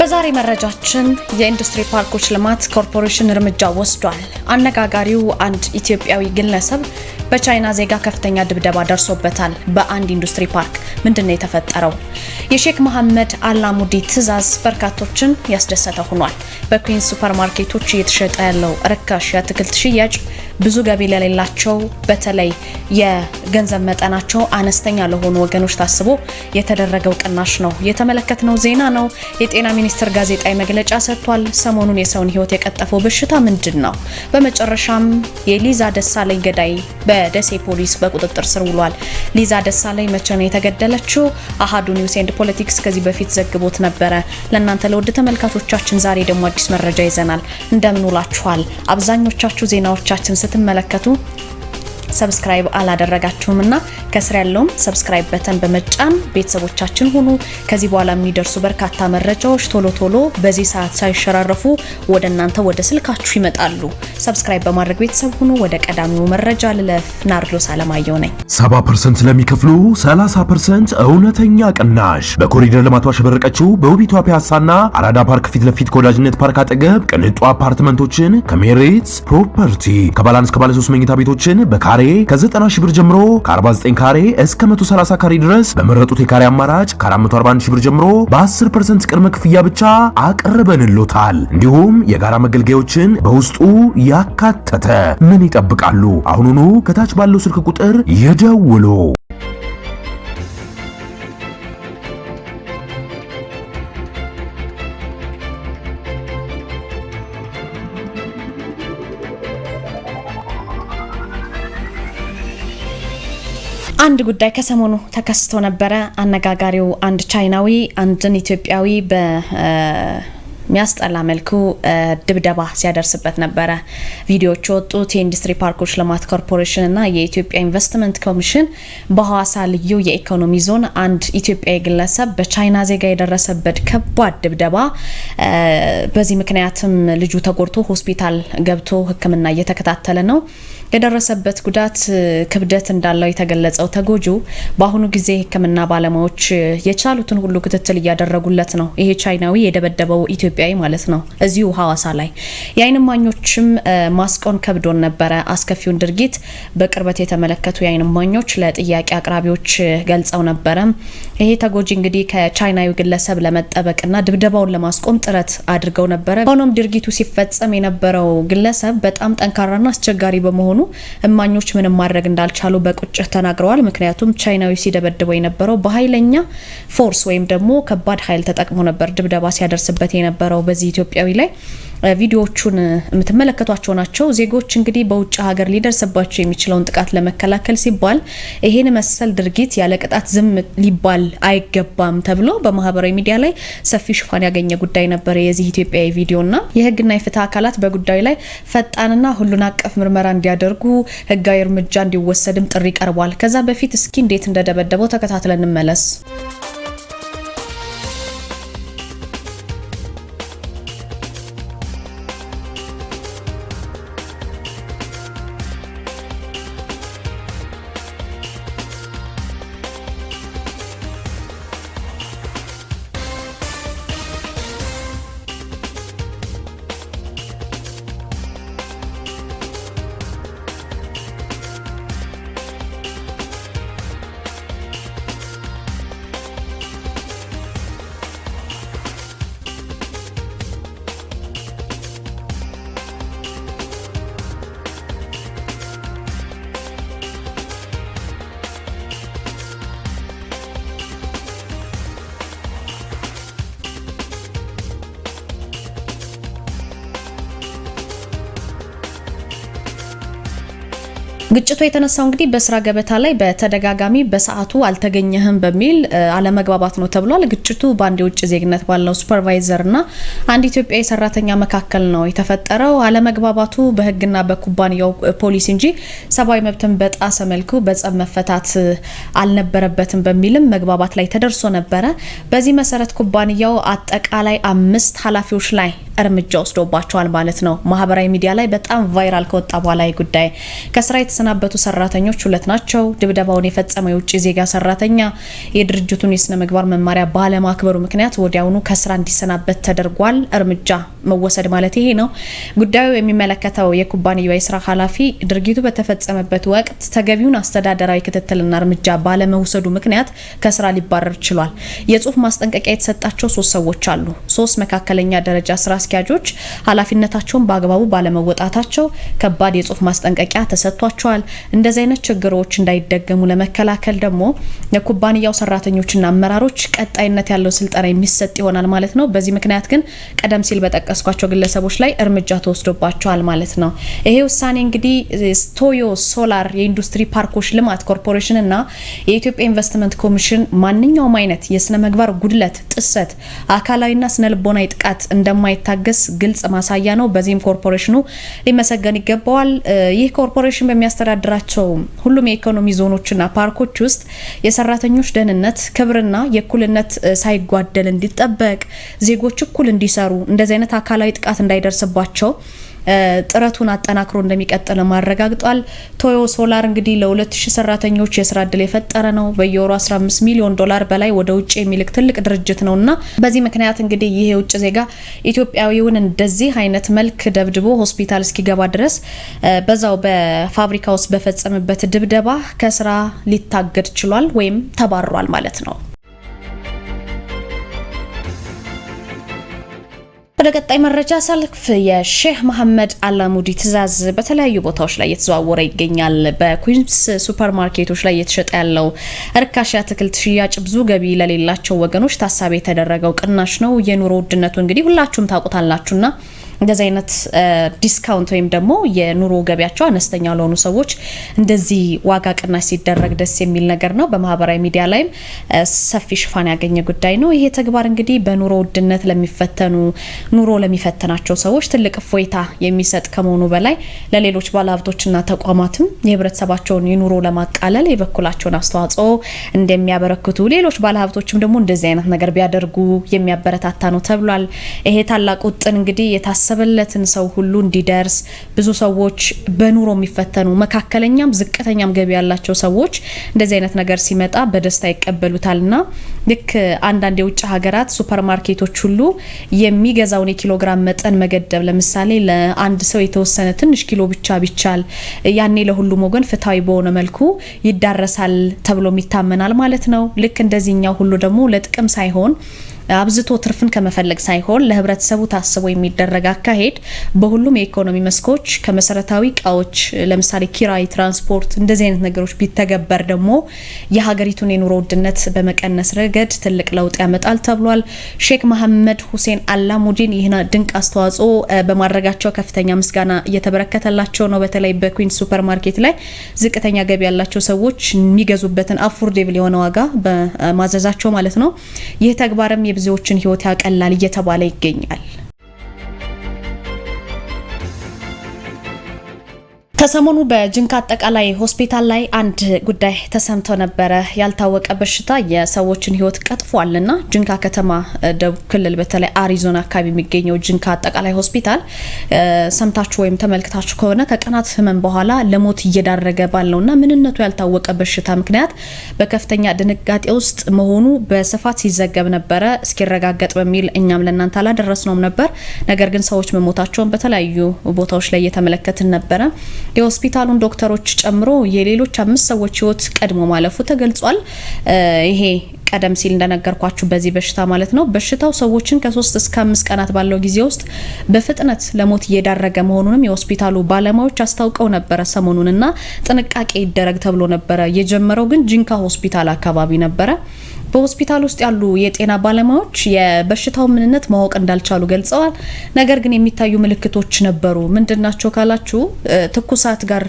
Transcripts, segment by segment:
በዛሬ መረጃችን የኢንዱስትሪ ፓርኮች ልማት ኮርፖሬሽን እርምጃ ወስዷል። አነጋጋሪው አንድ ኢትዮጵያዊ ግለሰብ በቻይና ዜጋ ከፍተኛ ድብደባ ደርሶበታል። በአንድ ኢንዱስትሪ ፓርክ ምንድን ነው የተፈጠረው? የሼክ መሐመድ አላሙዲ ትዕዛዝ በርካቶችን ያስደሰተ ሆኗል። በኩዊንስ ሱፐርማርኬቶች እየተሸጠ ያለው ርካሽ የአትክልት ሽያጭ ብዙ ገቢ ለሌላቸው በተለይ የገንዘብ መጠናቸው አነስተኛ ለሆኑ ወገኖች ታስቦ የተደረገው ቅናሽ ነው የተመለከትነው ዜና ነው። የጤና ሚኒስቴር ጋዜጣዊ መግለጫ ሰጥቷል። ሰሞኑን የሰውን ሕይወት የቀጠፈው በሽታ ምንድን ነው? በመጨረሻም የሊዛ ደሳለኝ ገዳይ በደሴ ፖሊስ በቁጥጥር ስር ውሏል። ሊዛ ደሳለኝ መቼ ነው የተገደለችው? አሃዱ ኒውስ ኤንድ ፖለቲክስ ከዚህ በፊት ዘግቦት ነበረ። ለእናንተ ለውድ ተመልካቾቻችን ዛሬ ደግሞ አዲስ መረጃ ይዘናል። እንደምን ውላችኋል? አብዛኞቻችሁ ዜናዎቻችን ستم ملكته ሰብስክራይብ አላደረጋችሁም እና ከስር ያለውን ሰብስክራይብ በተን በመጫን ቤተሰቦቻችን ሁኑ። ከዚህ በኋላ የሚደርሱ በርካታ መረጃዎች ቶሎ ቶሎ በዚህ ሰዓት ሳይሸራረፉ ወደ እናንተ ወደ ስልካችሁ ይመጣሉ። ሰብስክራይብ በማድረግ ቤተሰብ ሁኑ። ወደ ቀዳሚው መረጃ ልለፍ። ናርዶስ አለማየሁ ነኝ። 70 ፐርሰንት ለሚከፍሉ 30 ፐርሰንት እውነተኛ ቅናሽ በኮሪደር ልማቱ አሸበረቀችው በውቢቷ ፒያሳና አራዳ ፓርክ ፊት ለፊት ከወዳጅነት ፓርክ አጠገብ ቅንጡ አፓርትመንቶችን ከሜሪት ፕሮፐርቲ ከባለ አንድ መኝታ ቤቶችን በካሬ ካሬ ከ90 ሺህ ብር ጀምሮ ከ49 ካሬ እስከ 130 ካሬ ድረስ በመረጡት የካሬ አማራጭ ከ441 ሺህ ብር ጀምሮ በ10% ቅድመ ክፍያ ብቻ አቀርበንልዎታል። እንዲሁም የጋራ መገልገያዎችን በውስጡ ያካተተ ምን ይጠብቃሉ? አሁኑኑ ከታች ባለው ስልክ ቁጥር ይደውሉ። አንድ ጉዳይ ከሰሞኑ ተከስቶ ነበረ። አነጋጋሪው አንድ ቻይናዊ አንድን ኢትዮጵያዊ በ በሚያስጠላ መልኩ ድብደባ ሲያደርስበት ነበረ። ቪዲዮዎች የወጡት የኢንዱስትሪ ፓርኮች ልማት ኮርፖሬሽን እና የኢትዮጵያ ኢንቨስትመንት ኮሚሽን በሐዋሳ ልዩ የኢኮኖሚ ዞን አንድ ኢትዮጵያዊ ግለሰብ በቻይና ዜጋ የደረሰበት ከባድ ድብደባ፣ በዚህ ምክንያትም ልጁ ተጎድቶ ሆስፒታል ገብቶ ሕክምና እየተከታተለ ነው። የደረሰበት ጉዳት ክብደት እንዳለው የተገለጸው ተጎጂው በአሁኑ ጊዜ ሕክምና ባለሙያዎች የቻሉትን ሁሉ ክትትል እያደረጉለት ነው። ይሄ ቻይናዊ የደበደበው ኢትዮጵያ ኢትዮጵያዊ ማለት ነው እዚሁ ሀዋሳ ላይ። የአይን እማኞችም ማስቆን ከብዶን ነበረ። አስከፊውን ድርጊት በቅርበት የተመለከቱ የአይን እማኞች ለጥያቄ አቅራቢዎች ገልጸው ነበረ። ይሄ ተጎጂ እንግዲህ ከቻይናዊ ግለሰብ ለመጠበቅና ድብደባውን ለማስቆም ጥረት አድርገው ነበረ። ሆኖም ድርጊቱ ሲፈጸም የነበረው ግለሰብ በጣም ጠንካራና አስቸጋሪ በመሆኑ እማኞች ምንም ማድረግ እንዳልቻሉ በቁጭት ተናግረዋል። ምክንያቱም ቻይናዊ ሲደበድበው የነበረው በኃይለኛ ፎርስ ወይም ደግሞ ከባድ ኃይል ተጠቅሞ ነበር ድብደባ ሲያደርስበት የነበረው። የምትመራው በዚህ ኢትዮጵያዊ ላይ ቪዲዮዎቹን የምትመለከቷቸው ናቸው። ዜጎች እንግዲህ በውጭ ሀገር ሊደርስባቸው የሚችለውን ጥቃት ለመከላከል ሲባል ይሄን መሰል ድርጊት ያለ ቅጣት ዝም ሊባል አይገባም ተብሎ በማህበራዊ ሚዲያ ላይ ሰፊ ሽፋን ያገኘ ጉዳይ ነበር የዚህ ኢትዮጵያዊ ቪዲዮና የህግና የፍትህ አካላት በጉዳዩ ላይ ፈጣንና ሁሉን አቀፍ ምርመራ እንዲያደርጉ ህጋዊ እርምጃ እንዲወሰድም ጥሪ ቀርቧል። ከዛ በፊት እስኪ እንዴት እንደደበደበው ተከታትለን እንመለስ። ግጭቱ የተነሳው እንግዲህ በስራ ገበታ ላይ በተደጋጋሚ በሰዓቱ አልተገኘህም በሚል አለመግባባት ነው ተብሏል። ግጭቱ በአንድ የውጭ ዜግነት ባለው ሱፐርቫይዘር አንድ ኢትዮጵያዊ ሰራተኛ መካከል ነው የተፈጠረው። አለመግባባቱ በህግና በኩባንያው ፖሊሲ እንጂ ሰብአዊ መብትን በጣሰ መልኩ በጸብ መፈታት አልነበረበትም በሚልም መግባባት ላይ ተደርሶ ነበረ። በዚህ መሰረት ኩባንያው አጠቃላይ አምስት ኃላፊዎች ላይ እርምጃ ወስዶባቸዋል ማለት ነው። ማህበራዊ ሚዲያ ላይ በጣም ቫይራል ከወጣ በኋላ ጉዳይ ከስራ ከተሰናበቱ ሰራተኞች ሁለት ናቸው። ድብደባውን የፈጸመው የውጭ ዜጋ ሰራተኛ የድርጅቱን የስነ ምግባር መማሪያ ባለማክበሩ ምክንያት ወዲያውኑ ከስራ እንዲሰናበት ተደርጓል። እርምጃ መወሰድ ማለት ይሄ ነው። ጉዳዩ የሚመለከተው የኩባንያው የስራ ኃላፊ ድርጊቱ በተፈጸመበት ወቅት ተገቢውን አስተዳደራዊ ክትትልና እርምጃ ባለመውሰዱ ምክንያት ከስራ ሊባረር ችሏል። የጽሁፍ ማስጠንቀቂያ የተሰጣቸው ሶስት ሰዎች አሉ። ሶስት መካከለኛ ደረጃ ስራ አስኪያጆች ኃላፊነታቸውን በአግባቡ ባለመወጣታቸው ከባድ የጽሁፍ ማስጠንቀቂያ ተሰጥቷቸዋል። ገልጸዋል። እንደዚህ አይነት ችግሮች እንዳይደገሙ ለመከላከል ደግሞ የኩባንያው ሰራተኞችና አመራሮች ቀጣይነት ያለው ስልጠና የሚሰጥ ይሆናል ማለት ነው። በዚህ ምክንያት ግን ቀደም ሲል በጠቀስኳቸው ግለሰቦች ላይ እርምጃ ተወስዶባቸዋል ማለት ነው። ይሄ ውሳኔ እንግዲህ ቶዮ ሶላር የኢንዱስትሪ ፓርኮች ልማት ኮርፖሬሽን እና የኢትዮጵያ ኢንቨስትመንት ኮሚሽን ማንኛውም አይነት የስነ ምግባር ጉድለት፣ ጥሰት፣ አካላዊና ስነ ልቦናዊ ጥቃት እንደማይታገስ ግልጽ ማሳያ ነው። በዚህም ኮርፖሬሽኑ ሊመሰገን ይገባዋል። ይህ ኮርፖሬሽን በሚያስ በሚያስተዳድራቸው ሁሉም የኢኮኖሚ ዞኖችና ፓርኮች ውስጥ የሰራተኞች ደህንነት ክብርና የእኩልነት ሳይጓደል እንዲጠበቅ ዜጎች እኩል እንዲሰሩ እንደዚህ አይነት አካላዊ ጥቃት እንዳይደርስባቸው ጥረቱን አጠናክሮ እንደሚቀጥል ማረጋግጧል። ቶዮ ሶላር እንግዲህ ለ2000 ሰራተኞች የስራ እድል የፈጠረ ነው። በየወሩ 15 ሚሊዮን ዶላር በላይ ወደ ውጭ የሚልክ ትልቅ ድርጅት ነው እና በዚህ ምክንያት እንግዲህ ይህ የውጭ ዜጋ ኢትዮጵያዊውን እንደዚህ አይነት መልክ ደብድቦ ሆስፒታል እስኪገባ ድረስ በዛው በፋብሪካ ውስጥ በፈጸመበት ድብደባ ከስራ ሊታገድ ችሏል ወይም ተባሯል ማለት ነው። ወደ ቀጣይ መረጃ ሳልፍ የሼህ መሐመድ አላሙዲ ትዕዛዝ በተለያዩ ቦታዎች ላይ እየተዘዋወረ ይገኛል። በኩዊንስ ሱፐር ማርኬቶች ላይ እየተሸጠ ያለው እርካሽ አትክልት ሽያጭ ብዙ ገቢ ለሌላቸው ወገኖች ታሳቢ የተደረገው ቅናሽ ነው። የኑሮ ውድነቱ እንግዲህ ሁላችሁም ታውቁታላችሁና እንደዚህ አይነት ዲስካውንት ወይም ደግሞ የኑሮ ገቢያቸው አነስተኛ ለሆኑ ሰዎች እንደዚህ ዋጋ ቅናሽ ሲደረግ ደስ የሚል ነገር ነው። በማህበራዊ ሚዲያ ላይም ሰፊ ሽፋን ያገኘ ጉዳይ ነው። ይሄ ተግባር እንግዲህ በኑሮ ውድነት ለሚፈተኑ ኑሮ ለሚፈተናቸው ሰዎች ትልቅ እፎይታ የሚሰጥ ከመሆኑ በላይ ለሌሎች ባለሀብቶችና ተቋማትም የህብረተሰባቸውን የኑሮ ለማቃለል የበኩላቸውን አስተዋጽኦ እንደሚያበረክቱ፣ ሌሎች ባለሀብቶችም ደግሞ እንደዚህ አይነት ነገር ቢያደርጉ የሚያበረታታ ነው ተብሏል። ይሄ ታላቅ ውጥን እንግዲህ የታሰ ያሰበለትን ሰው ሁሉ እንዲደርስ ብዙ ሰዎች በኑሮ የሚፈተኑ መካከለኛም ዝቅተኛም ገቢ ያላቸው ሰዎች እንደዚህ አይነት ነገር ሲመጣ በደስታ ይቀበሉታልና ልክ አንዳንድ የውጭ ሀገራት ሱፐርማርኬቶች ሁሉ የሚገዛውን የኪሎግራም መጠን መገደብ፣ ለምሳሌ ለአንድ ሰው የተወሰነ ትንሽ ኪሎ ብቻ ቢቻል ያኔ ለሁሉም ወገን ፍትሐዊ በሆነ መልኩ ይዳረሳል ተብሎ ይታመናል ማለት ነው። ልክ እንደዚህኛው ሁሉ ደግሞ ለጥቅም ሳይሆን አብዝቶ ትርፍን ከመፈለግ ሳይሆን ለህብረተሰቡ ታስቦ የሚደረግ አካሄድ በሁሉም የኢኮኖሚ መስኮች ከመሰረታዊ እቃዎች ለምሳሌ ኪራይ፣ ትራንስፖርት እንደዚህ አይነት ነገሮች ቢተገበር ደግሞ የሀገሪቱን የኑሮ ውድነት በመቀነስ ረገድ ረገድ ትልቅ ለውጥ ያመጣል ተብሏል። ሼክ መሐመድ ሁሴን አላሙዲን ይህን ድንቅ አስተዋጽኦ በማድረጋቸው ከፍተኛ ምስጋና እየተበረከተላቸው ነው። በተለይ በኩዊን ሱፐር ማርኬት ላይ ዝቅተኛ ገቢ ያላቸው ሰዎች የሚገዙበትን አፎርዴብል የሆነ ዋጋ በማዘዛቸው ማለት ነው። ይህ ተግባርም የብዙዎችን ሕይወት ያቀላል እየተባለ ይገኛል። ከሰሞኑ በጅንካ አጠቃላይ ሆስፒታል ላይ አንድ ጉዳይ ተሰምቶ ነበረ። ያልታወቀ በሽታ የሰዎችን ሕይወት ቀጥፏል ጅንካ ከተማ ደቡብ ክልል በተለይ አሪዞና አካባቢ የሚገኘው ጅንካ አጠቃላይ ሆስፒታል ሰምታችሁ ወይም ተመልክታችሁ ከሆነ ከቀናት ህመም በኋላ ለሞት እየዳረገ ባለውና ምንነቱ ያልታወቀ በሽታ ምክንያት በከፍተኛ ድንጋጤ ውስጥ መሆኑ በስፋት ሲዘገብ ነበረ። እስኪረጋገጥ በሚል እኛም ለእናንተ አላደረስነውም ነበር። ነገር ግን ሰዎች መሞታቸውን በተለያዩ ቦታዎች ላይ እየተመለከትን ነበረ። የሆስፒታሉን ዶክተሮች ጨምሮ የሌሎች አምስት ሰዎች ህይወት ቀድሞ ማለፉ ተገልጿል። ይሄ ቀደም ሲል እንደነገርኳችሁ በዚህ በሽታ ማለት ነው በሽታው ሰዎችን ከሶስት እስከ አምስት ቀናት ባለው ጊዜ ውስጥ በፍጥነት ለሞት እየዳረገ መሆኑንም የሆስፒታሉ ባለሙያዎች አስታውቀው ነበረ። ሰሞኑንና ጥንቃቄ ይደረግ ተብሎ ነበረ። የጀመረው ግን ጂንካ ሆስፒታል አካባቢ ነበረ። በሆስፒታል ውስጥ ያሉ የጤና ባለሙያዎች የበሽታው ምንነት ማወቅ እንዳልቻሉ ገልጸዋል። ነገር ግን የሚታዩ ምልክቶች ነበሩ። ምንድናቸው ካላችሁ ትኩሳት ጋር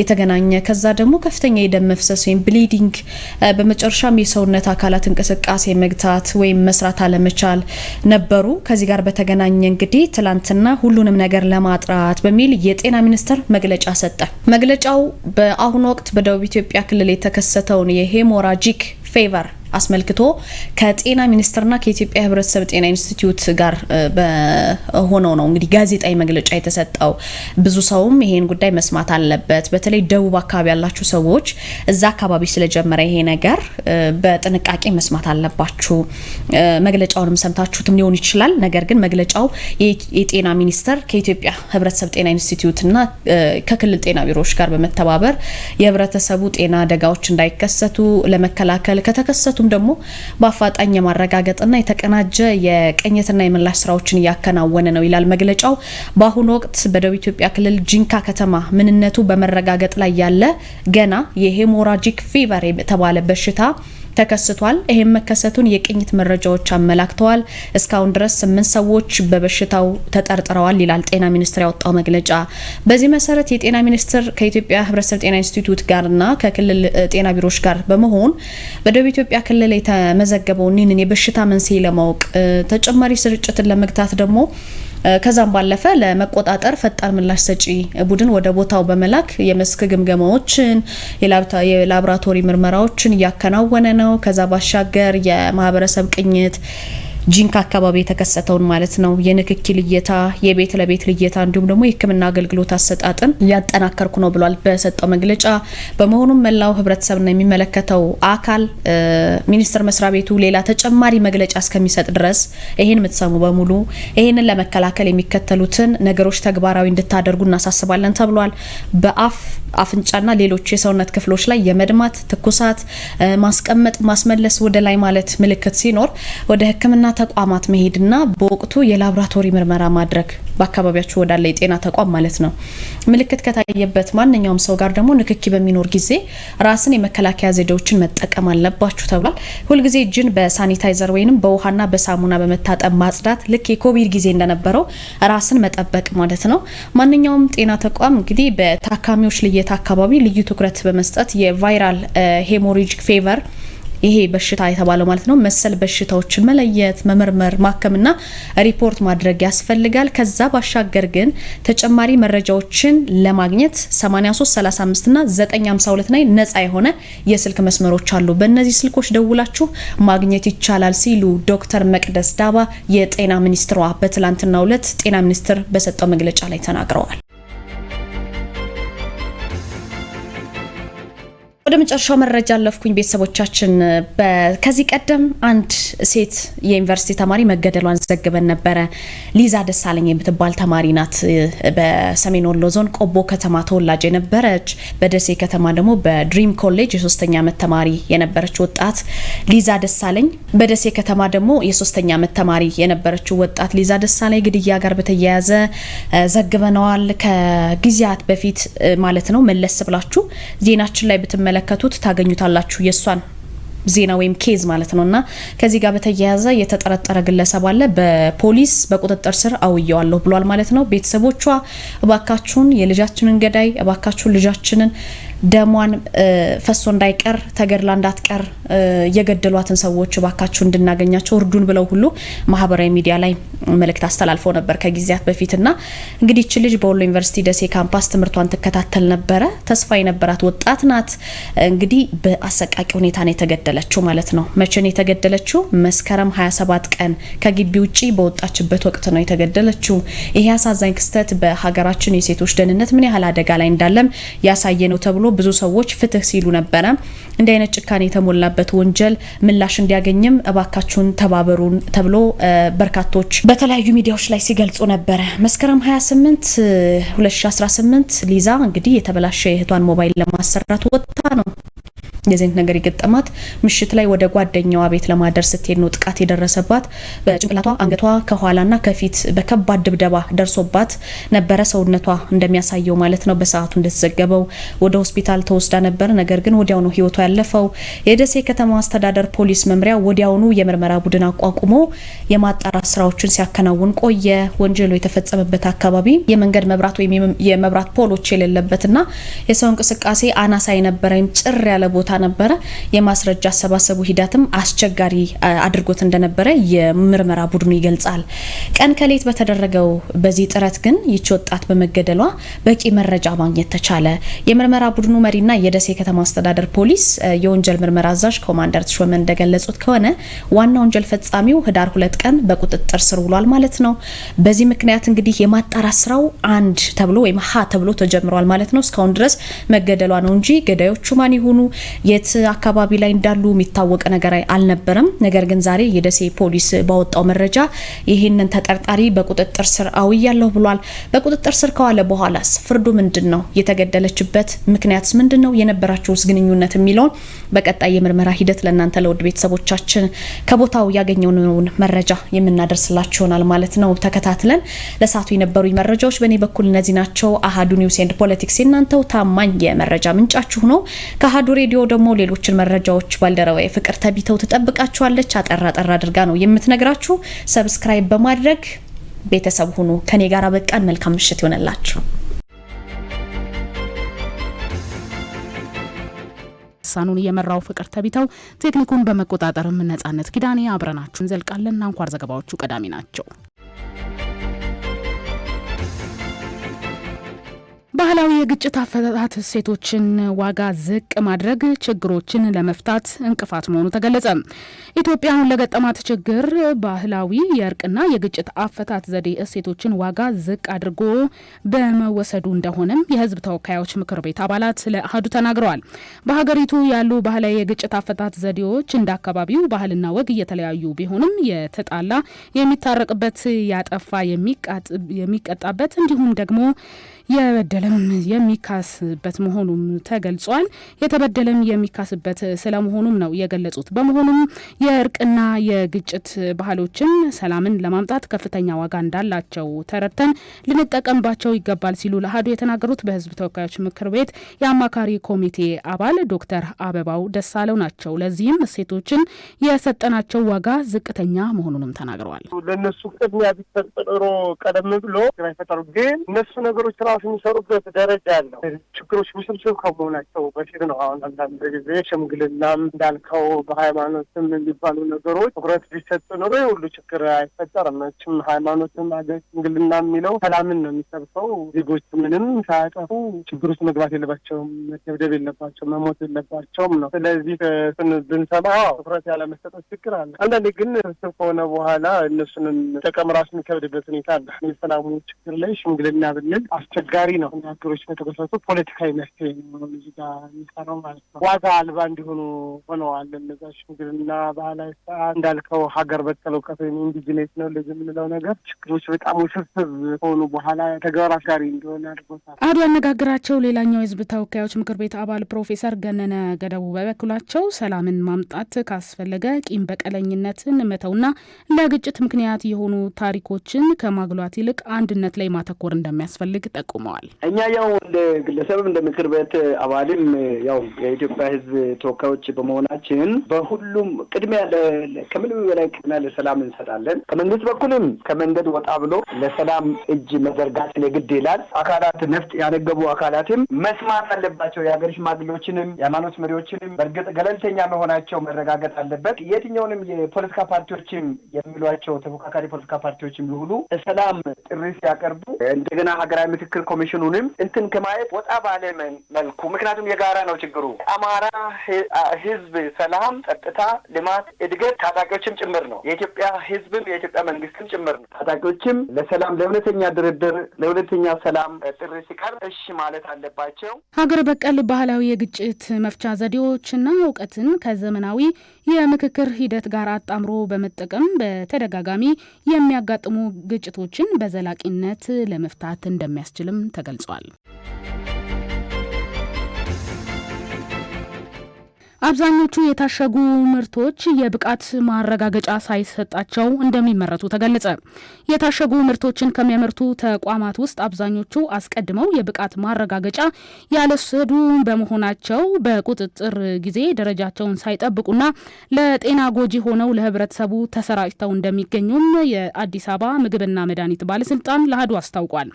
የተገናኘ ከዛ ደግሞ ከፍተኛ የደም መፍሰስ ወይም ብሊዲንግ፣ በመጨረሻም የሰውነት አካላት የጭንቀት እንቅስቃሴ መግታት ወይም መስራት አለመቻል ነበሩ። ከዚህ ጋር በተገናኘ እንግዲህ ትላንትና ሁሉንም ነገር ለማጥራት በሚል የጤና ሚኒስቴር መግለጫ ሰጠ። መግለጫው በአሁኑ ወቅት በደቡብ ኢትዮጵያ ክልል የተከሰተውን የሄሞራጂክ ፌቨር አስመልክቶ ከጤና ሚኒስቴርና ከኢትዮጵያ ህብረተሰብ ጤና ኢንስቲትዩት ጋር በሆነው ነው እንግዲህ ጋዜጣዊ መግለጫ የተሰጠው። ብዙ ሰውም ይሄን ጉዳይ መስማት አለበት። በተለይ ደቡብ አካባቢ ያላችሁ ሰዎች እዛ አካባቢ ስለጀመረ ይሄ ነገር በጥንቃቄ መስማት አለባችሁ። መግለጫውንም ሰምታችሁትም ሊሆን ይችላል። ነገር ግን መግለጫው የጤና ሚኒስቴር ከኢትዮጵያ ህብረተሰብ ጤና ኢንስቲትዩትና ከክልል ጤና ቢሮዎች ጋር በመተባበር የህብረተሰቡ ጤና አደጋዎች እንዳይከሰቱ ለመከላከል ከተከሰቱ እሱም ደግሞ በአፋጣኝ የማረጋገጥና የተቀናጀ የቅኝትና የምላሽ ስራዎችን እያከናወነ ነው ይላል መግለጫው። በአሁኑ ወቅት በደቡብ ኢትዮጵያ ክልል ጂንካ ከተማ ምንነቱ በመረጋገጥ ላይ ያለ ገና የሄሞራጂክ ፊቨር የተባለ በሽታ ተከስቷል። ይህም መከሰቱን የቅኝት መረጃዎች አመላክተዋል። እስካሁን ድረስ ስምንት ሰዎች በበሽታው ተጠርጥረዋል ይላል ጤና ሚኒስቴር ያወጣው መግለጫ። በዚህ መሰረት የጤና ሚኒስቴር ከኢትዮጵያ ህብረተሰብ ጤና ኢንስቲትዩት ጋርና ከክልል ጤና ቢሮዎች ጋር በመሆን በደቡብ ኢትዮጵያ ክልል የተመዘገበውን ይህንን የበሽታ መንስኤ ለማወቅ ተጨማሪ ስርጭትን ለመግታት ደግሞ ከዛም ባለፈ ለመቆጣጠር ፈጣን ምላሽ ሰጪ ቡድን ወደ ቦታው በመላክ የመስክ ግምገማዎችን፣ የላብራቶሪ ምርመራዎችን እያከናወነ ነው። ከዛ ባሻገር የማህበረሰብ ቅኝት ጂንካ አካባቢ የተከሰተውን ማለት ነው የንክኪ ልየታ፣ የቤት ለቤት ልየታ እንዲሁም ደግሞ የሕክምና አገልግሎት አሰጣጥን እያጠናከርኩ ነው ብሏል በሰጠው መግለጫ። በመሆኑም መላው ህብረተሰብና የሚመለከተው አካል ሚኒስቴር መስሪያ ቤቱ ሌላ ተጨማሪ መግለጫ እስከሚሰጥ ድረስ ይህን የምትሰሙ በሙሉ ይህንን ለመከላከል የሚከተሉትን ነገሮች ተግባራዊ እንድታደርጉ እናሳስባለን ተብሏል። በአፍ አፍንጫና ሌሎች የሰውነት ክፍሎች ላይ የመድማት ትኩሳት፣ ማስቀመጥ፣ ማስመለስ ወደ ላይ ማለት ምልክት ሲኖር ወደ ሕክምና ተቋማት መሄድና በወቅቱ የላብራቶሪ ምርመራ ማድረግ በአካባቢያችሁ ወዳለ የጤና ተቋም ማለት ነው። ምልክት ከታየበት ማንኛውም ሰው ጋር ደግሞ ንክኪ በሚኖር ጊዜ ራስን የመከላከያ ዘዴዎችን መጠቀም አለባችሁ ተብሏል። ሁልጊዜ እጅን በሳኒታይዘር ወይም በውሃና በሳሙና በመታጠብ ማጽዳት፣ ልክ የኮቪድ ጊዜ እንደነበረው ራስን መጠበቅ ማለት ነው። ማንኛውም ጤና ተቋም እንግዲህ በታካሚዎች ልየ አንጀት አካባቢ ልዩ ትኩረት በመስጠት የቫይራል ሄሞሬጂክ ፌቨር ይሄ በሽታ የተባለው ማለት ነው መሰል በሽታዎችን መለየት፣ መመርመር፣ ማከምና ሪፖርት ማድረግ ያስፈልጋል። ከዛ ባሻገር ግን ተጨማሪ መረጃዎችን ለማግኘት 8335 እና 952 ላይ ነፃ የሆነ የስልክ መስመሮች አሉ። በእነዚህ ስልኮች ደውላችሁ ማግኘት ይቻላል ሲሉ ዶክተር መቅደስ ዳባ የጤና ሚኒስትሯ በትላንትናው ዕለት ጤና ሚኒስትር በሰጠው መግለጫ ላይ ተናግረዋል። ወደ መጨረሻው መረጃ አለፍኩኝ። ቤተሰቦቻችን ከዚህ ቀደም አንድ ሴት የዩኒቨርሲቲ ተማሪ መገደሏን ዘግበን ነበረ። ሊዛ ደሳለኝ የምትባል ተማሪ ናት። በሰሜን ወሎ ዞን ቆቦ ከተማ ተወላጅ የነበረች በደሴ ከተማ ደግሞ በድሪም ኮሌጅ የሶስተኛ ዓመት ተማሪ የነበረች ወጣት ሊዛ ደሳለኝ፣ በደሴ ከተማ ደግሞ የሶስተኛ ዓመት ተማሪ የነበረችው ወጣት ሊዛ ደሳለኝ ግድያ ጋር በተያያዘ ዘግበነዋል። ከጊዜያት በፊት ማለት ነው። መለስ ብላችሁ ዜናችን ላይ ብትመለከ ስትመለከቱት ታገኙታላችሁ የእሷን ዜና ወይም ኬዝ ማለት ነው። እና ከዚህ ጋር በተያያዘ የተጠረጠረ ግለሰብ አለ በፖሊስ በቁጥጥር ስር አውየዋለሁ ብሏል ማለት ነው። ቤተሰቦቿ እባካችሁን የልጃችንን ገዳይ እባካችሁን ልጃችንን ደሟን ፈሶ እንዳይቀር ተገድላ እንዳትቀር የገደሏትን ሰዎች እባካችሁ እንድናገኛቸው እርዱን ብለው ሁሉ ማህበራዊ ሚዲያ ላይ መልእክት አስተላልፈው ነበር ከጊዜያት በፊትና እንግዲህ ይች ልጅ በወሎ ዩኒቨርሲቲ ደሴ ካምፓስ ትምህርቷን ትከታተል ነበረ። ተስፋ የነበራት ወጣት ናት። እንግዲህ በአሰቃቂ ሁኔታ ነው የተገደለችው ማለት ነው። መቼ ነው የተገደለችው? መስከረም 27 ቀን ከግቢ ውጭ በወጣችበት ወቅት ነው የተገደለችው። ይሄ አሳዛኝ ክስተት በሀገራችን የሴቶች ደህንነት ምን ያህል አደጋ ላይ እንዳለም ያሳየ ነው ተብሎ ብሎ ብዙ ሰዎች ፍትህ ሲሉ ነበረ። እንዲህ አይነት ጭካኔ የተሞላበት ወንጀል ምላሽ እንዲያገኝም እባካችሁን ተባበሩን ተብሎ በርካቶች በተለያዩ ሚዲያዎች ላይ ሲገልጹ ነበረ። መስከረም 28 2018 ሊዛ እንግዲህ የተበላሸ የእህቷን ሞባይል ለማሰራት ወጥታ ነው የዚህ ነገር የገጠማት ምሽት ላይ ወደ ጓደኛዋ ቤት ለማደር ስትሄድ ነው ጥቃት የደረሰባት። በጭንቅላቷ፣ አንገቷ፣ ከኋላና ከፊት በከባድ ድብደባ ደርሶባት ነበረ። ሰውነቷ እንደሚያሳየው ማለት ነው በሰዓቱ እንደተዘገበው ወደ ሆስፒታል ተወስዳ ነበር። ነገር ግን ወዲያውኑ ህይወቷ ያለፈው። የደሴ ከተማ አስተዳደር ፖሊስ መምሪያ ወዲያውኑ የምርመራ ቡድን አቋቁሞ የማጣራት ስራዎችን ሲያከናውን ቆየ። ወንጀሉ የተፈጸመበት አካባቢ የመንገድ መብራት ወይም የመብራት ፖሎች የሌለበትና የሰው እንቅስቃሴ አናሳ የነበረ ጭር ያለ ቦታ ነበረ። የማስረጃ አሰባሰቡ ሂደትም አስቸጋሪ አድርጎት እንደነበረ የምርመራ ቡድኑ ይገልጻል። ቀን ከሌት በተደረገው በዚህ ጥረት ግን ይች ወጣት በመገደሏ በቂ መረጃ ማግኘት ተቻለ። የምርመራ ቡድኑ መሪና የደሴ ከተማ አስተዳደር ፖሊስ የወንጀል ምርመራ አዛዥ ኮማንደር ተሾመ እንደገለጹት ከሆነ ዋና ወንጀል ፈጻሚው ህዳር ሁለት ቀን በቁጥጥር ስር ውሏል ማለት ነው። በዚህ ምክንያት እንግዲህ የማጣራት ስራው አንድ ተብሎ ወይም ሀ ተብሎ ተጀምሯል ማለት ነው። እስካሁን ድረስ መገደሏ ነው እንጂ ገዳዮቹ ማን ይሆኑ የት አካባቢ ላይ እንዳሉ የሚታወቅ ነገር አልነበረም። ነገር ግን ዛሬ የደሴ ፖሊስ ባወጣው መረጃ ይህንን ተጠርጣሪ በቁጥጥር ስር አውያለሁ ብሏል። በቁጥጥር ስር ከዋለ በኋላስ ፍርዱ ምንድን ነው? የተገደለችበት ምክንያትስ ምንድን ነው? የነበራቸውስ ግንኙነት የሚለውን በቀጣይ የምርመራ ሂደት ለእናንተ ለውድ ቤተሰቦቻችን ከቦታው ያገኘውን መረጃ የምናደርስላችሁ ይሆናል ማለት ነው። ተከታትለን ለሳቱ የነበሩ መረጃዎች በእኔ በኩል እነዚህ ናቸው። አሃዱ ኒውስ ኤንድ ፖለቲክስ የእናንተው ታማኝ የመረጃ ምንጫችሁ ነው። ከአሀዱ ሬዲዮ ደግሞ ሌሎችን መረጃዎች ባልደረባ ፍቅር ተቢተው ትጠብቃችኋለች። አጠራ ጠራ አድርጋ ነው የምትነግራችሁ። ሰብስክራይብ በማድረግ ቤተሰብ ሁኑ። ከኔ ጋር በቃን። መልካም ምሽት ይሆነላችሁ። ሳኑን እየመራው ፍቅር ተቢተው፣ ቴክኒኩን በመቆጣጠርም ነጻነት ኪዳኔ አብረናችሁ እንዘልቃለን። አንኳር ዘገባዎቹ ቀዳሚ ናቸው። ባህላዊ የግጭት አፈታት እሴቶችን ዋጋ ዝቅ ማድረግ ችግሮችን ለመፍታት እንቅፋት መሆኑ ተገለጸ። ኢትዮጵያን ለገጠማት ችግር ባህላዊ የእርቅና የግጭት አፈታት ዘዴ እሴቶችን ዋጋ ዝቅ አድርጎ በመወሰዱ እንደሆነም የሕዝብ ተወካዮች ምክር ቤት አባላት ለአህዱ ተናግረዋል። በሀገሪቱ ያሉ ባህላዊ የግጭት አፈታት ዘዴዎች እንደ አካባቢው ባህልና ወግ እየተለያዩ ቢሆንም የተጣላ የሚታረቅበት፣ ያጠፋ የሚቀጣበት እንዲሁም ደግሞ የበደለም የሚካስበት መሆኑም ተገልጿል። የተበደለም የሚካስበት ስለመሆኑም ነው የገለጹት። በመሆኑም የእርቅና የግጭት ባህሎችን ሰላምን ለማምጣት ከፍተኛ ዋጋ እንዳላቸው ተረድተን ልንጠቀምባቸው ይገባል ሲሉ ለአሀዱ የተናገሩት በህዝብ ተወካዮች ምክር ቤት የአማካሪ ኮሚቴ አባል ዶክተር አበባው ደሳለው ናቸው። ለዚህም እሴቶችን የሰጠናቸው ዋጋ ዝቅተኛ መሆኑንም ተናግረዋል። ለእነሱ ቅድሚያ ቢሰጥ ኖሮ ቀደም ብሎ ግን እነሱ ነገሮች ራሱ የሚሰሩበት ደረጃ አለው። ችግሮች ውስብስብ ከመሆናቸው በፊት ነው። አሁን አንዳንድ ጊዜ ሽምግልናም እንዳልከው በሃይማኖትም የሚባሉ ነገሮች ትኩረት ቢሰጥ ኖሮ የሁሉ ችግር አይፈጠርም። ችም ሃይማኖትም አገ ሽምግልና የሚለው ሰላምን ነው የሚሰብሰው። ዜጎች ምንም ሳያጠፉ ችግር ውስጥ መግባት የለባቸውም፣ መደብደብ የለባቸው፣ መሞት የለባቸውም ነው። ስለዚህ ብንሰማ ትኩረት ያለመሰጠት ችግር አለ። አንዳንዴ ግን ስብስብ ከሆነ በኋላ እነሱንም ጠቀም ራሱ የሚከብድበት ሁኔታ አለ። የሰላሙ ችግር ላይ ሽምግልና ብንል አስቸጋሪ ነው። ነገሮች በተመሰረቱ ፖለቲካዊ መፍትሄ የሚሆነው እዚህ ጋር የሚሰራው ማለት ነው። ዋጋ አልባ እንዲሆኑ ሆነዋል። እነዛ ሽምግልና፣ ባህላዊ ሰዓት እንዳልከው ሀገር በቀል እውቀት ወይም ኢንዲጂኔት ነው ልጅ የምንለው ነገር ችግሮች በጣም ውስብስብ ሆኑ በኋላ ተግባር አስጋሪ እንዲሆን አድርጎታል። አዱ ያነጋግራቸው ሌላኛው የህዝብ ተወካዮች ምክር ቤት አባል ፕሮፌሰር ገነነ ገደቡ በበኩላቸው ሰላምን ማምጣት ካስፈለገ ቂም በቀለኝነትን መተውና ለግጭት ምክንያት የሆኑ ታሪኮችን ከማግሏት ይልቅ አንድነት ላይ ማተኮር እንደሚያስፈልግ ጠቁ ጠቁመዋል። እኛ ያው እንደ ግለሰብም እንደ ምክር ቤት አባልም ያው የኢትዮጵያ ሕዝብ ተወካዮች በመሆናችን በሁሉም ቅድሚያ ከምንም በላይ ቅድሚያ ለሰላም እንሰጣለን። ከመንግስት በኩልም ከመንገድ ወጣ ብሎ ለሰላም እጅ መዘርጋትን የግድ ይላል። አካላት ነፍጥ ያነገቡ አካላትም መስማት አለባቸው። የሀገር ሽማግሌዎችንም የሃይማኖት መሪዎችንም በእርግጥ ገለልተኛ መሆናቸው መረጋገጥ አለበት። የትኛውንም የፖለቲካ ፓርቲዎችም የሚሏቸው ተፎካካሪ ፖለቲካ ፓርቲዎችም ይሁሉ ሰላም ጥሪ ሲያቀርቡ እንደገና ሀገራዊ ምክክር ኤሌክሽን ኮሚሽኑንም እንትን ከማየት ወጣ ባለ መልኩ ምክንያቱም የጋራ ነው ችግሩ። አማራ ህዝብ ሰላም፣ ጸጥታ፣ ልማት፣ እድገት ታጣቂዎችም ጭምር ነው። የኢትዮጵያ ህዝብም የኢትዮጵያ መንግስትም ጭምር ነው። ታጣቂዎችም ለሰላም ለእውነተኛ ድርድር ለእውነተኛ ሰላም ጥሪ ሲቀርብ እሺ ማለት አለባቸው። ሀገር በቀል ባህላዊ የግጭት መፍቻ ዘዴዎችና እውቀትን ከዘመናዊ የምክክር ሂደት ጋር አጣምሮ በመጠቀም በተደጋጋሚ የሚያጋጥሙ ግጭቶችን በዘላቂነት ለመፍታት እንደሚያስችልም ተገልጿል። አብዛኞቹ የታሸጉ ምርቶች የብቃት ማረጋገጫ ሳይሰጣቸው እንደሚመረቱ ተገለጸ። የታሸጉ ምርቶችን ከሚያመርቱ ተቋማት ውስጥ አብዛኞቹ አስቀድመው የብቃት ማረጋገጫ ያልወሰዱ በመሆናቸው በቁጥጥር ጊዜ ደረጃቸውን ሳይጠብቁና ለጤና ጎጂ ሆነው ለሕብረተሰቡ ተሰራጭተው እንደሚገኙም የአዲስ አበባ ምግብና መድኃኒት ባለስልጣን ለአሐዱ አስታውቋል።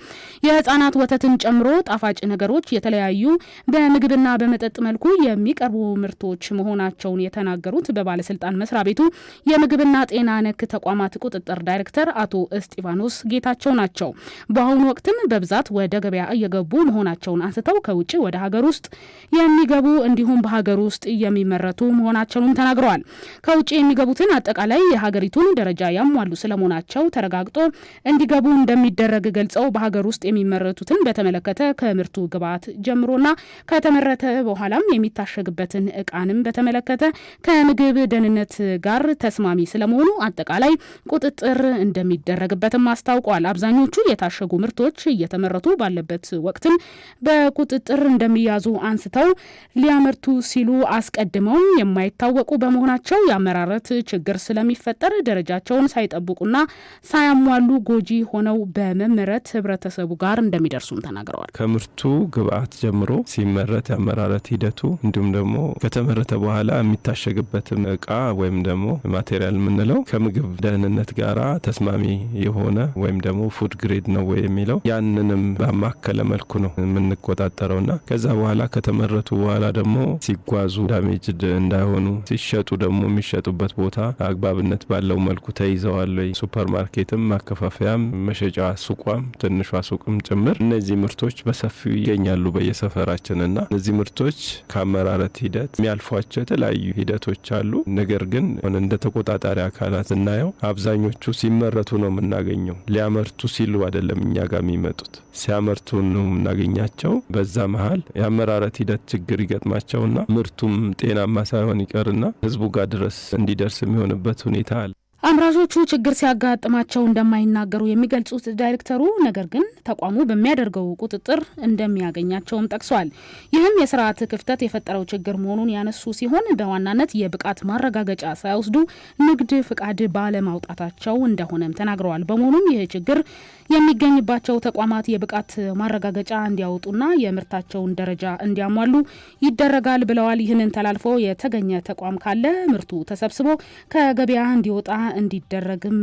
የህጻናት ወተትን ጨምሮ ጣፋጭ ነገሮች፣ የተለያዩ በምግብና በመጠጥ መልኩ የሚቀርቡ ምርቶች ሰራተኞች መሆናቸውን የተናገሩት በባለስልጣን መስሪያ ቤቱ የምግብና ጤና ነክ ተቋማት ቁጥጥር ዳይሬክተር አቶ እስጢፋኖስ ጌታቸው ናቸው። በአሁኑ ወቅትም በብዛት ወደ ገበያ እየገቡ መሆናቸውን አንስተው ከውጭ ወደ ሀገር ውስጥ የሚገቡ እንዲሁም በሀገር ውስጥ የሚመረቱ መሆናቸውንም ተናግረዋል። ከውጭ የሚገቡትን አጠቃላይ የሀገሪቱን ደረጃ ያሟሉ ስለመሆናቸው ተረጋግጦ እንዲገቡ እንደሚደረግ ገልጸው በሀገር ውስጥ የሚመረቱትን በተመለከተ ከምርቱ ግብዓት ጀምሮና ከተመረተ በኋላም የሚታሸግበትን እቃ እጣንም በተመለከተ ከምግብ ደህንነት ጋር ተስማሚ ስለመሆኑ አጠቃላይ ቁጥጥር እንደሚደረግበትም አስታውቋል። አብዛኞቹ የታሸጉ ምርቶች እየተመረቱ ባለበት ወቅትም በቁጥጥር እንደሚያዙ አንስተው ሊያመርቱ ሲሉ አስቀድመው የማይታወቁ በመሆናቸው የአመራረት ችግር ስለሚፈጠር ደረጃቸውን ሳይጠብቁና ሳያሟሉ ጎጂ ሆነው በመመረት ህብረተሰቡ ጋር እንደሚደርሱም ተናግረዋል። ከምርቱ ግብአት ጀምሮ ሲመረት የአመራረት ሂደቱ እንዲሁም ደግሞ ከተመረተ በኋላ የሚታሸግበትም እቃ ወይም ደግሞ ማቴሪያል የምንለው ከምግብ ደህንነት ጋር ተስማሚ የሆነ ወይም ደግሞ ፉድ ግሬድ ነው ወይ የሚለው ያንንም ባማከለ መልኩ ነው የምንቆጣጠረው እና ከዛ በኋላ ከተመረቱ በኋላ ደግሞ ሲጓዙ ዳሜጅ እንዳይሆኑ ሲሸጡ ደግሞ የሚሸጡበት ቦታ አግባብነት ባለው መልኩ ተይዘዋል ወይ ሱፐር ማርኬትም ማከፋፈያም መሸጫ ሱቋም ትንሿ ሱቅም ጭምር እነዚህ ምርቶች በሰፊው ይገኛሉ በየሰፈራችን ና እነዚህ ምርቶች ከአመራረት ሂደት የሚያልፏቸው የተለያዩ ሂደቶች አሉ። ነገር ግን እንደ ተቆጣጣሪ አካላት ስናየው አብዛኞቹ ሲመረቱ ነው የምናገኘው። ሊያመርቱ ሲሉ አይደለም እኛ ጋር የሚመጡት፣ ሲያመርቱ ነው የምናገኛቸው። በዛ መሀል የአመራረት ሂደት ችግር ይገጥማቸውና ምርቱም ጤናማ ሳይሆን ይቀርና ህዝቡ ጋር ድረስ እንዲደርስ የሚሆንበት ሁኔታ አለ። አምራቾቹ ችግር ሲያጋጥማቸው እንደማይናገሩ የሚገልጹት ዳይሬክተሩ፣ ነገር ግን ተቋሙ በሚያደርገው ቁጥጥር እንደሚያገኛቸውም ጠቅሷል። ይህም የስርዓት ክፍተት የፈጠረው ችግር መሆኑን ያነሱ ሲሆን በዋናነት የብቃት ማረጋገጫ ሳይወስዱ ንግድ ፍቃድ ባለማውጣታቸው እንደሆነም ተናግረዋል። በመሆኑም ይህ ችግር የሚገኝባቸው ተቋማት የብቃት ማረጋገጫ እንዲያወጡና የምርታቸውን ደረጃ እንዲያሟሉ ይደረጋል ብለዋል። ይህንን ተላልፎ የተገኘ ተቋም ካለ ምርቱ ተሰብስቦ ከገበያ እንዲወጣ እንዲደረግም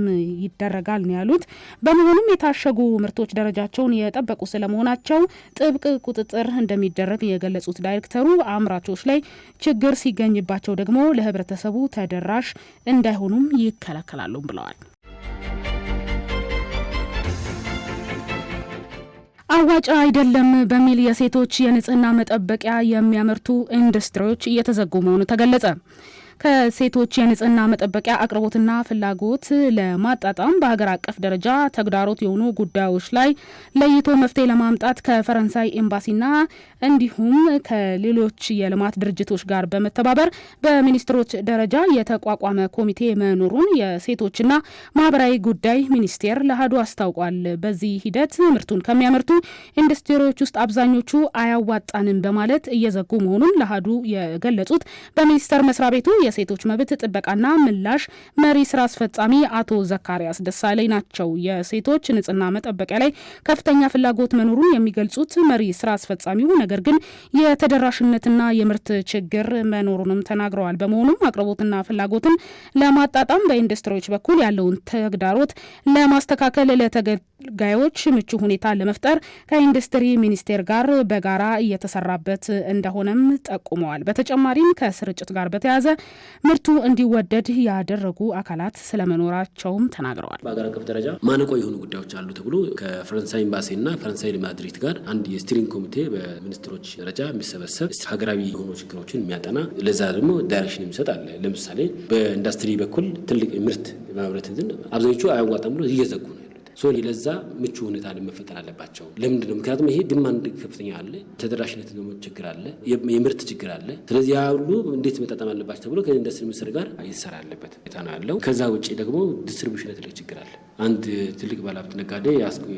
ይደረጋል ነው ያሉት። በመሆኑም የታሸጉ ምርቶች ደረጃቸውን የጠበቁ ስለመሆናቸው ጥብቅ ቁጥጥር እንደሚደረግ የገለጹት ዳይሬክተሩ አምራቾች ላይ ችግር ሲገኝባቸው ደግሞ ለህብረተሰቡ ተደራሽ እንዳይሆኑም ይከላከላሉ ብለዋል። አዋጭ አይደለም በሚል የሴቶች የንጽህና መጠበቂያ የሚያመርቱ ኢንዱስትሪዎች እየተዘጉ መሆኑ ተገለጸ። ከሴቶች የንጽህና መጠበቂያ አቅርቦትና ፍላጎት ለማጣጣም በሀገር አቀፍ ደረጃ ተግዳሮት የሆኑ ጉዳዮች ላይ ለይቶ መፍትሄ ለማምጣት ከፈረንሳይ ኤምባሲና እንዲሁም ከሌሎች የልማት ድርጅቶች ጋር በመተባበር በሚኒስትሮች ደረጃ የተቋቋመ ኮሚቴ መኖሩን የሴቶችና ማህበራዊ ጉዳይ ሚኒስቴር ለአሐዱ አስታውቋል። በዚህ ሂደት ምርቱን ከሚያመርቱ ኢንዱስትሪዎች ውስጥ አብዛኞቹ አያዋጣንም በማለት እየዘጉ መሆኑን ለአሐዱ የገለጹት በሚኒስቴር መስሪያ ቤቱ የሴቶች መብት ጥበቃና ምላሽ መሪ ስራ አስፈጻሚ አቶ ዘካሪያስ ደሳለኝ ናቸው። የሴቶች ንጽህና መጠበቂያ ላይ ከፍተኛ ፍላጎት መኖሩን የሚገልጹት መሪ ስራ አስፈጻሚው ነገር ግን የተደራሽነትና የምርት ችግር መኖሩንም ተናግረዋል። በመሆኑም አቅርቦትና ፍላጎትን ለማጣጣም በኢንዱስትሪዎች በኩል ያለውን ተግዳሮት ለማስተካከል ለተገልጋዮች ምቹ ሁኔታ ለመፍጠር ከኢንዱስትሪ ሚኒስቴር ጋር በጋራ እየተሰራበት እንደሆነም ጠቁመዋል። በተጨማሪም ከስርጭት ጋር በተያያዘ ምርቱ እንዲወደድ ያደረጉ አካላት ስለመኖራቸውም ተናግረዋል። በሀገር አቀፍ ደረጃ ማነቆ የሆኑ ጉዳዮች አሉ ተብሎ ከፈረንሳይ ኤምባሲና ፈረንሳይ ማድሪድ ጋር አንድ የስቲሪንግ ኮሚቴ በሚኒስትሮች ደረጃ የሚሰበሰብ ሀገራዊ የሆኑ ችግሮችን የሚያጠና ለዛ ደግሞ ዳይሬክሽን የሚሰጥ አለ። ለምሳሌ በኢንዱስትሪ በኩል ትልቅ ምርት ማምረት አብዛኞቹ አያዋጣም ብሎ እየዘጉ ነው ሶሪ ለዛ ምቹ ሁኔታ መፈጠር አለባቸው። ለምንድን ነው? ምክንያቱም ይሄ ድማንድ ከፍተኛ አለ፣ ተደራሽነት ችግር አለ፣ የምርት ችግር አለ። ስለዚህ ያ ሁሉ እንዴት መጣጣም አለባቸው ተብሎ ከኢንዱስትሪ ሚኒስትር ጋር ይሰራ አለበት ሁኔታ ነው ያለው። ከዛ ውጭ ደግሞ ዲስትሪቢሽን ትልቅ ችግር አለ። አንድ ትልቅ ባለሀብት ነጋዴ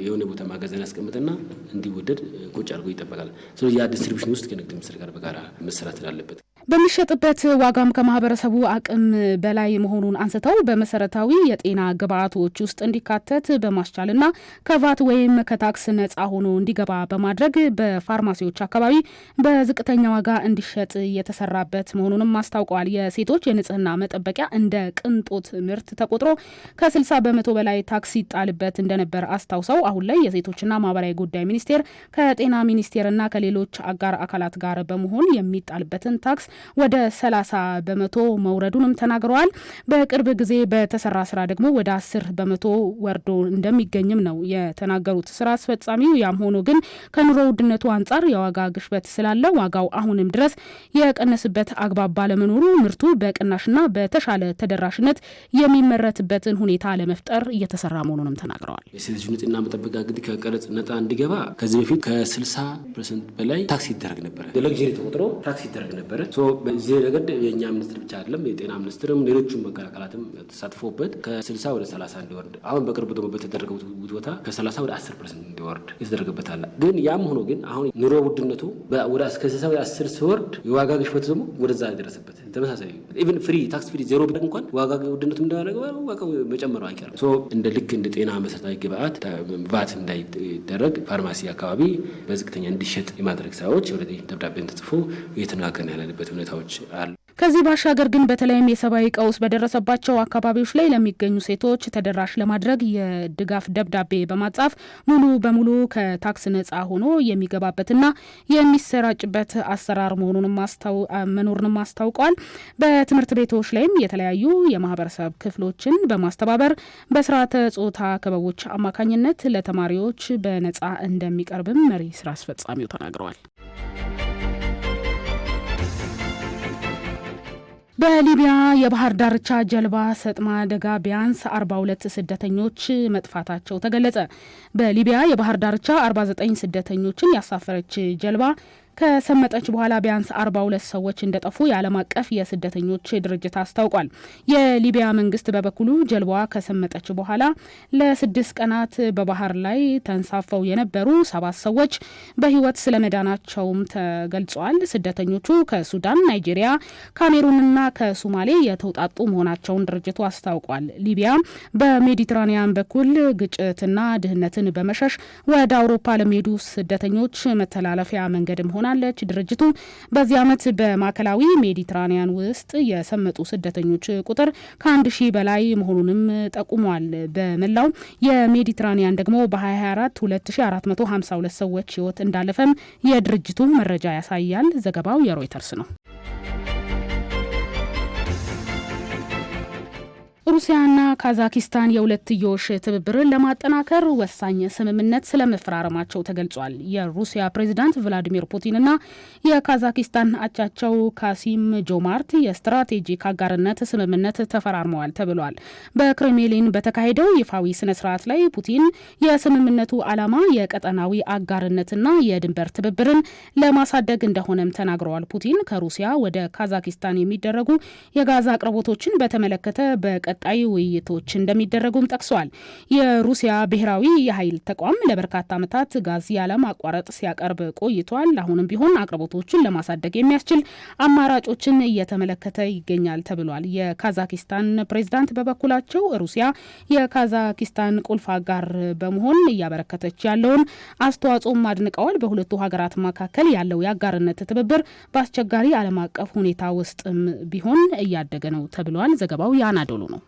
የሆነ ቦታ ማጋዘን ያስቀምጥና እንዲወደድ ቁጭ አድርጎ ይጠበቃል። ስለዚህ ያ ዲስትሪቢሽን ውስጥ ከንግድ ሚኒስትር ጋር በጋራ መሰራት አለበት። በሚሸጥበት ዋጋም ከማህበረሰቡ አቅም በላይ መሆኑን አንስተው በመሰረታዊ የጤና ግብዓቶች ውስጥ እንዲካተት በማስቻልና ከቫት ወይም ከታክስ ነጻ ሆኖ እንዲገባ በማድረግ በፋርማሲዎች አካባቢ በዝቅተኛ ዋጋ እንዲሸጥ የተሰራበት መሆኑንም አስታውቀዋል። የሴቶች የንጽህና መጠበቂያ እንደ ቅንጦት ምርት ተቆጥሮ ከ60 በመቶ በላይ ታክስ ይጣልበት እንደነበር አስታውሰው አሁን ላይ የሴቶችና ማህበራዊ ጉዳይ ሚኒስቴር ከጤና ሚኒስቴርና ከሌሎች አጋር አካላት ጋር በመሆን የሚጣልበትን ታክስ ወደ 30 በመቶ መውረዱንም ተናግረዋል። በቅርብ ጊዜ በተሰራ ስራ ደግሞ ወደ 10 በመቶ ወርዶ እንደሚገኝም ነው የተናገሩት ስራ አስፈጻሚው። ያም ሆኖ ግን ከኑሮ ውድነቱ አንጻር የዋጋ ግሽበት ስላለ ዋጋው አሁንም ድረስ የቀነስበት አግባብ ባለመኖሩ ምርቱ በቅናሽና በተሻለ ተደራሽነት የሚመረትበትን ሁኔታ ለመፍጠር እየተሰራ መሆኑንም ተናግረዋል። የሴቶች ንጽህና መጠበቂያ ግድ ከቀረጽ ነጻ እንዲገባ ከዚህ በፊት ከ60 ፐርሰንት በላይ ታክስ ይደረግ ነበረ። ለለግሪ ተቆጥሮ ታክስ ይደረግ ነበረ። በዚህ ረገድ የእኛ ሚኒስትር ብቻ አይደለም የጤና ሚኒስትርም ሌሎቹም መከላከላትም ተሳትፎበት ከስልሳ ወደ ሰላሳ እንዲወርድ አሁን በቅርቡ ደግሞ በተደረገው ቦታ ከሰላሳ ወደ አስር ፐርሰንት እንዲወርድ የተደረገበት አለ። ግን ያም ሆኖ ግን አሁን ኑሮ ውድነቱ ከስልሳ ወደ አስር ሲወርድ የዋጋ ግሽበት ደግሞ ወደዛ ደረሰበት። ተመሳሳይ ኢቨን ፍሪ ታክስ ፍሪ ዜሮ እንኳን ዋጋ ውድነቱ መጨመሩ አይቀርም። እንደ ልክ እንደ ጤና መሰረታዊ ግብአት ቫት እንዳይደረግ ፋርማሲ አካባቢ በዝቅተኛ እንዲሸጥ የማድረግ ስራዎች ደብዳቤን ተጽፎ እየተነጋገርን ያለንበት ሁኔታዎች አሉ። ከዚህ ባሻገር ግን በተለይም የሰብአዊ ቀውስ በደረሰባቸው አካባቢዎች ላይ ለሚገኙ ሴቶች ተደራሽ ለማድረግ የድጋፍ ደብዳቤ በማጻፍ ሙሉ በሙሉ ከታክስ ነጻ ሆኖ የሚገባበትና የሚሰራጭበት አሰራር መሆኑንም መኖሩንም አስታውቋል። በትምህርት ቤቶች ላይም የተለያዩ የማህበረሰብ ክፍሎችን በማስተባበር በስርዓተ ጾታ ክበቦች አማካኝነት ለተማሪዎች በነጻ እንደሚቀርብም መሪ ስራ አስፈጻሚው ተናግረዋል። በሊቢያ የባህር ዳርቻ ጀልባ ሰጥማ አደጋ ቢያንስ 42 ስደተኞች መጥፋታቸው ተገለጸ። በሊቢያ የባህር ዳርቻ 49 ስደተኞችን ያሳፈረች ጀልባ ከሰመጠች በኋላ ቢያንስ አርባ ሁለት ሰዎች እንደጠፉ የዓለም አቀፍ የስደተኞች ድርጅት አስታውቋል። የሊቢያ መንግስት በበኩሉ ጀልባዋ ከሰመጠች በኋላ ለስድስት ቀናት በባህር ላይ ተንሳፈው የነበሩ ሰባት ሰዎች በህይወት ስለመዳናቸውም ተገልጿል። ስደተኞቹ ከሱዳን፣ ናይጄሪያ፣ ካሜሩንና ከሱማሌ የተውጣጡ መሆናቸውን ድርጅቱ አስታውቋል። ሊቢያ በሜዲትራኒያን በኩል ግጭትና ድህነትን በመሸሽ ወደ አውሮፓ ለሚሄዱ ስደተኞች መተላለፊያ መንገድም ሆነ አመስግናለች። ድርጅቱ በዚህ ዓመት በማዕከላዊ ሜዲትራኒያን ውስጥ የሰመጡ ስደተኞች ቁጥር ከአንድ ሺህ በላይ መሆኑንም ጠቁሟል። በመላው የሜዲትራኒያን ደግሞ በ2024 2452 ሰዎች ህይወት እንዳለፈም የድርጅቱ መረጃ ያሳያል። ዘገባው የሮይተርስ ነው። ሩሲያና ካዛኪስታን የሁለትዮሽ ትብብርን ለማጠናከር ወሳኝ ስምምነት ስለመፈራረማቸው ተገልጿል። የሩሲያ ፕሬዚዳንት ቭላዲሚር ፑቲንና የካዛኪስታን አቻቸው ካሲም ጆማርት የስትራቴጂክ አጋርነት ስምምነት ተፈራርመዋል ተብሏል። በክሬምሊን በተካሄደው ይፋዊ ስነ ስርዓት ላይ ፑቲን የስምምነቱ ዓላማ የቀጠናዊ አጋርነትና የድንበር ትብብርን ለማሳደግ እንደሆነም ተናግረዋል። ፑቲን ከሩሲያ ወደ ካዛኪስታን የሚደረጉ የጋዛ አቅርቦቶችን በተመለከተ በቀ ቀጣይ ውይይቶች እንደሚደረጉም ጠቅሷል። የሩሲያ ብሔራዊ የኃይል ተቋም ለበርካታ ዓመታት ጋዝ ያለማቋረጥ ሲያቀርብ ቆይቷል። አሁንም ቢሆን አቅርቦቶችን ለማሳደግ የሚያስችል አማራጮችን እየተመለከተ ይገኛል ተብሏል። የካዛኪስታን ፕሬዝዳንት በበኩላቸው ሩሲያ የካዛኪስታን ቁልፍ አጋር በመሆን እያበረከተች ያለውን አስተዋጽኦም አድንቀዋል። በሁለቱ ሀገራት መካከል ያለው የአጋርነት ትብብር በአስቸጋሪ ዓለም አቀፍ ሁኔታ ውስጥም ቢሆን እያደገ ነው ተብሏል። ዘገባው የአናዶሉ ነው።